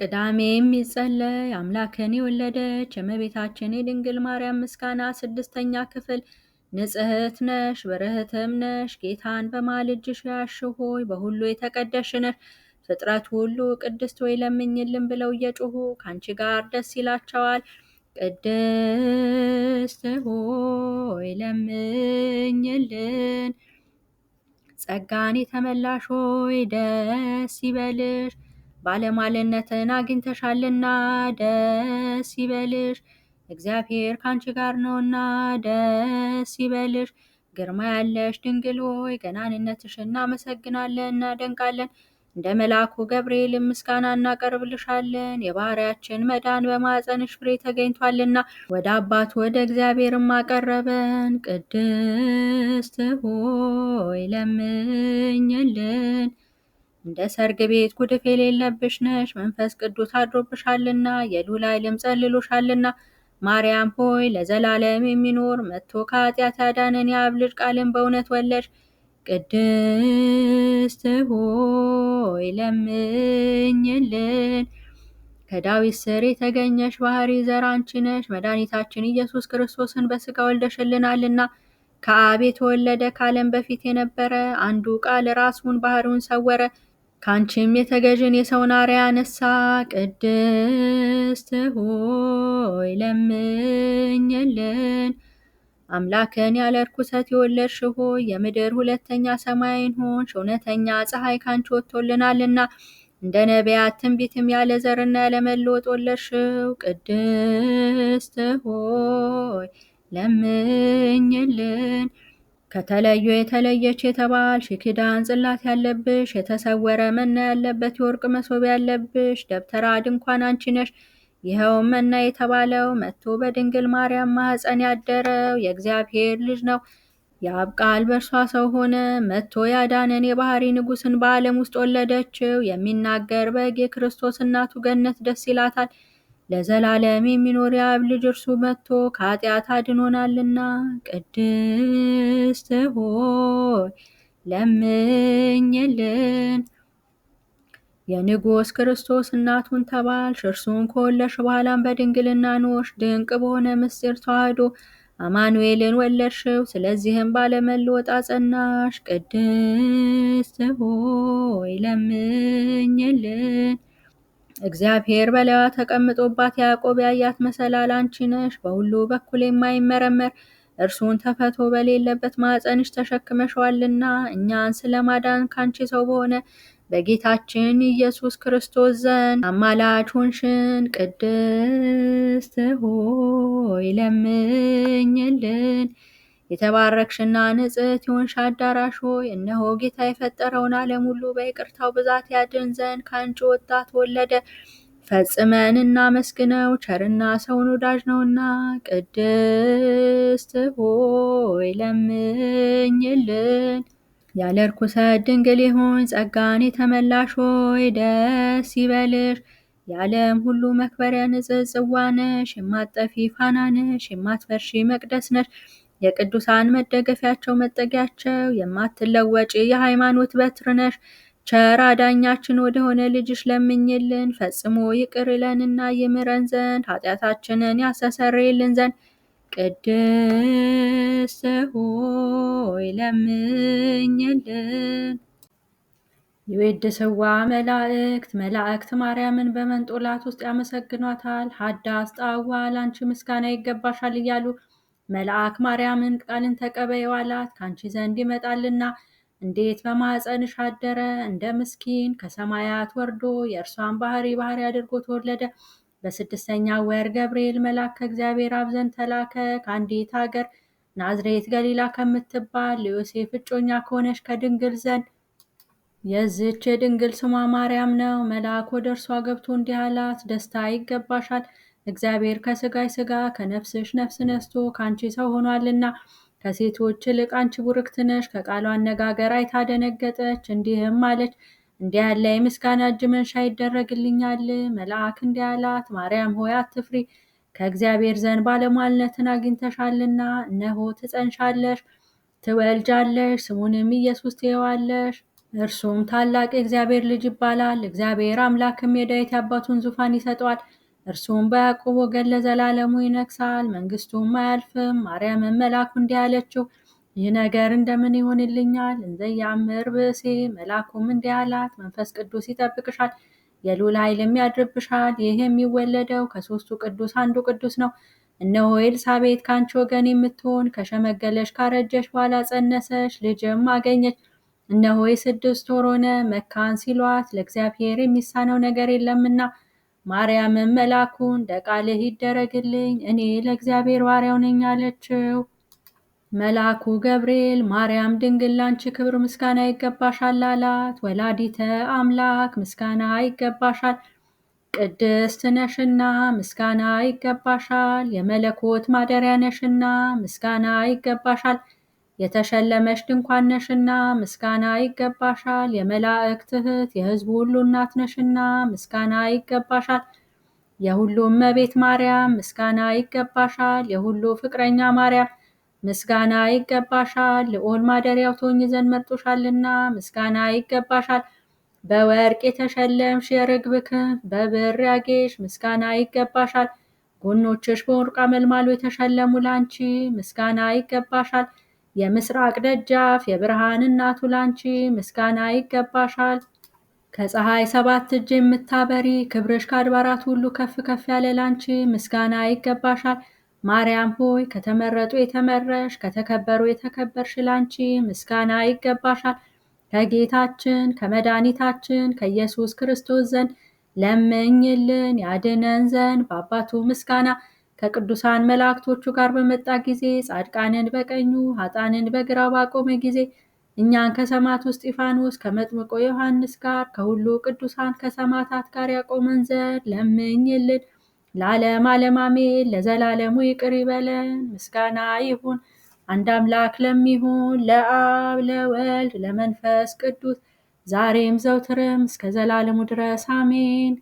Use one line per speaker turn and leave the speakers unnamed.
ቅዳሜ የሚጸለይ አምላክን የወለደች የእመቤታችን የድንግል ማርያም ምስጋና ስድስተኛ ክፍል። ንጽህት ነሽ በረህትም ነሽ ጌታን በማልጅሽ ያሽ ሆይ በሁሉ የተቀደሽ ነሽ። ፍጥረት ሁሉ ቅድስት ወይ ለምኝልን ብለው እየጮሁ ከአንቺ ጋር ደስ ይላቸዋል። ቅድስት ሆይ ለምኝልን። ጸጋን የተመላሽ ሆይ ደስ ይበልሽ ባለማለነትን አግኝተሻልና ደስ ይበልሽ፣ እግዚአብሔር ካንቺ ጋር ነውና ደስ ይበልሽ። ግርማ ያለሽ ድንግል ሆይ ገናንነትሽ እናመሰግናለን እናደንቃለን። እንደ መልአኩ ገብርኤል ምስጋና እናቀርብልሻለን። የባህሪያችን መዳን በማፀንሽ ፍሬ ተገኝቷልና ወደ አባቱ ወደ እግዚአብሔር ማቀረበን። ቅድስት ሆይ ለምኝልን እንደ ሰርግ ቤት ጉድፍ የሌለብሽ ነሽ፣ መንፈስ ቅዱስ አድሮብሻልና የሉላ ኃይልም ጸልሎሻልና። ማርያም ሆይ ለዘላለም የሚኖር መጥቶ ከኃጢአት ያዳነን የአብ ልጅ ቃልን በእውነት ወለድሽ። ቅድስት ሆይ ለምኝልን። ከዳዊት ስር የተገኘሽ ባህሪ ዘር አንቺ ነሽ። መድኃኒታችን ኢየሱስ ክርስቶስን በስጋ ወልደሽልናልና ከአብ የተወለደ ካለም በፊት የነበረ አንዱ ቃል ራሱን ባህሪውን ሰወረ። ካንቺም የተገዥን የሰውን አርያ ነሳ ቅድስት ሆይ ለምኝልን። አምላክን ያለ ርኩሰት የወለድሽ ሆይ የምድር ሁለተኛ ሰማይን ሆን እውነተኛ ፀሐይ ካንቺ ወጥቶልናልና እንደ ነቢያት ትንቢትም ያለ ዘርና ያለ መለወጥ ወለድሽው። ቅድስት ሆይ ለምኝልን። ከተለዩ የተለየች የተባልሽ የኪዳን ጽላት ያለብሽ የተሰወረ መና ያለበት የወርቅ መሶብ ያለብሽ ደብተራ ድንኳን አንቺ ነሽ። መና የተባለው መጥቶ በድንግል ማርያም ማኅፀን ያደረው የእግዚአብሔር ልጅ ነው። የአብ ቃል በእርሷ ሰው ሆነ። መጥቶ ያዳነን የባህሪ ንጉሥን በዓለም ውስጥ ወለደችው። የሚናገር በግ የክርስቶስ እናቱ ገነት ደስ ይላታል። ለዘላለም የሚኖር የአብ ልጅ እርሱ መጥቶ ከኃጢአት አድኖናልና፣ ቅድስት ሆይ ለምኝልን። የንጉሥ ክርስቶስ እናቱን ተባልሽ፣ እርሱን ከወለሽ በኋላም በድንግልና ኖርሽ። ድንቅ በሆነ ምስጢር ተዋህዶ አማኑኤልን ወለድሽው። ስለዚህም ባለመለወጥ አጸናሽ። ቅድስት ሆይ ለምኝልን። እግዚአብሔር በላይዋ ተቀምጦባት ያዕቆብ ያያት መሰላል አንቺ ነሽ፣ በሁሉ በኩል የማይመረመር እርሱን ተፈቶ በሌለበት ማኅፀንሽ ተሸክመሸዋልና እኛን ስለማዳን ካንቺ ሰው በሆነ በጌታችን ኢየሱስ ክርስቶስ ዘንድ አማላጅ ሆንሽን። ቅድስት ሆይ ለምኝልን። የተባረክሽና ንጽሕት የሆንሽ አዳራሽ ሆይ እነሆ ጌታ የፈጠረውን ዓለም ሁሉ በይቅርታው ብዛት ያድን ዘንድ ከአንቺ ወጣት ወለደ። ፈጽመን እናመስግነው ቸርና ሰውን ወዳጅ ነውና፣ ቅድስት ሆይ ለምኝልን። ያለ ርኩሰት ድንግል ይሆን ጸጋን የተመላሽ ሆይ ደስ ይበልሽ። የዓለም ሁሉ መክበሪያ ንጽሕት ጽዋ ነሽ፣ የማትጠፊ ፋና ነሽ፣ የማትፈርሺ መቅደስ ነሽ። የቅዱሳን መደገፊያቸው መጠጊያቸው የማትለወጪ የሃይማኖት በትር ነሽ። ዳኛችን አዳኛችን ወደሆነ ልጅሽ ለምኝልን ፈጽሞ ይቅር ይለንና ይምረን ዘንድ ኃጢአታችንን ያስተሰርይልን ዘንድ ቅድስ ሆይ ለምኝልን። ይቤድስዋ መላእክት መላእክት ማርያምን በመንጦላት ውስጥ ያመሰግኗታል። ሀዳስ ጣዋ ላንቺ ምስጋና ይገባሻል እያሉ መልአክ ማርያምን ቃልን ተቀበይው አላት፣ ካንቺ ዘንድ ይመጣልና እንዴት በማኅፀንሽ አደረ፣ እንደ ምስኪን ከሰማያት ወርዶ የእርሷን ባህሪ ባህሪ አድርጎ ተወለደ። በስድስተኛ ወር ገብርኤል መልአክ ከእግዚአብሔር አብ ዘንድ ተላከ፣ ከአንዲት ሀገር ናዝሬት ገሊላ ከምትባል ለዮሴፍ እጮኛ ከሆነች ከድንግል ዘንድ የዝች የድንግል ስሟ ማርያም ነው። መልአክ ወደ እርሷ ገብቶ እንዲህ አላት፣ ደስታ ይገባሻል እግዚአብሔር ከሥጋሽ ስጋ ከነፍስሽ ነፍስ ነስቶ ከአንቺ ሰው ሆኗልና ከሴቶች ይልቅ አንቺ ቡርክት ነሽ። ከቃሉ አነጋገር አይታ ደነገጠች፣ እንዲህም አለች እንዲህ ያለ የምስጋና እጅ መንሻ ይደረግልኛል? መልአክ እንዲህ አላት፣ ማርያም ሆይ አትፍሪ፣ ከእግዚአብሔር ዘንድ ባለሟልነትን አግኝተሻልና። እነሆ ትጸንሻለሽ፣ ትወልጃለሽ፣ ስሙንም ኢየሱስ ትይዋለሽ። እርሱም ታላቅ የእግዚአብሔር ልጅ ይባላል። እግዚአብሔር አምላክም የዳዊት አባቱን ዙፋን ይሰጠዋል። እርሱም በያዕቆብ ወገን ለዘላለሙ ይነግሳል፣ መንግሥቱም አያልፍም። ማርያም መላኩ እንዲህ አለችው፣ ይህ ነገር እንደምን ይሆንልኛል? እንዘያምር ብእሴ። መላኩም እንዲህ አላት፣ መንፈስ ቅዱስ ይጠብቅሻል፣ የልዑል ኃይልም ያድርብሻል። ይህ የሚወለደው ከሦስቱ ቅዱስ አንዱ ቅዱስ ነው። እነሆ ኤልሳቤጥ ከአንቺ ወገን የምትሆን ከሸመገለች ካረጀች በኋላ ጸነሰች፣ ልጅም አገኘች። እነሆ የስድስት ወር ሆነ፣ መካን ሲሏት ለእግዚአብሔር የሚሳነው ነገር የለምና ማርያምን መላኩ እንደ ቃልህ ይደረግልኝ እኔ ለእግዚአብሔር ባሪያው ነኝ አለችው። መልአኩ ገብርኤል ማርያም ድንግል ላንቺ ክብር ምስጋና ይገባሻል አላት። ወላዲተ አምላክ ምስጋና ይገባሻል፣ ቅድስት ነሽና ምስጋና ይገባሻል፣ የመለኮት ማደሪያ ነሽና ምስጋና ይገባሻል የተሸለመሽ ድንኳን ነሽና ምስጋና ይገባሻል። የመላእክት እህት የሕዝቡ ሁሉ እናት ነሽና ምስጋና ይገባሻል። የሁሉ እመቤት ማርያም ምስጋና ይገባሻል። የሁሉ ፍቅረኛ ማርያም ምስጋና ይገባሻል። ልዑል ማደሪያው ቶኝ ዘንድ መርጦሻልና ምስጋና ይገባሻል። በወርቅ የተሸለምሽ የርግብ ክንፍ በብር ያጌሽ ምስጋና ይገባሻል። ጎኖችሽ በወርቅ አመልማሉ የተሸለሙ ላንቺ ምስጋና ይገባሻል። የምስራቅ ደጃፍ የብርሃን እናቱ ላንቺ ምስጋና ይገባሻል። ከፀሐይ ሰባት እጅ የምታበሪ ክብርሽ ከአድባራት ሁሉ ከፍ ከፍ ያለ ላንቺ ምስጋና ይገባሻል። ማርያም ሆይ ከተመረጡ የተመረሽ ከተከበሩ የተከበርሽ ላንቺ ምስጋና ይገባሻል። ከጌታችን ከመድኃኒታችን ከኢየሱስ ክርስቶስ ዘንድ ለምኝልን ያድነን ዘንድ በአባቱ ምስጋና ከቅዱሳን መላእክቶቹ ጋር በመጣ ጊዜ ጻድቃንን በቀኙ ኃጣንን በግራው ባቆመ ጊዜ እኛን ከሰማዕቱ እስጢፋኖስ ከመጥምቆ ዮሐንስ ጋር ከሁሉ ቅዱሳን ከሰማዕታት ጋር ያቆመን ዘንድ ለምኝልን። ለዓለም ዓለም አሜን። ለዘላለሙ ይቅር ይበለን። ምስጋና ይሁን አንድ አምላክ ለሚሆን ለአብ ለወልድ ለመንፈስ ቅዱስ ዛሬም ዘውትርም እስከ ዘላለሙ ድረስ አሜን።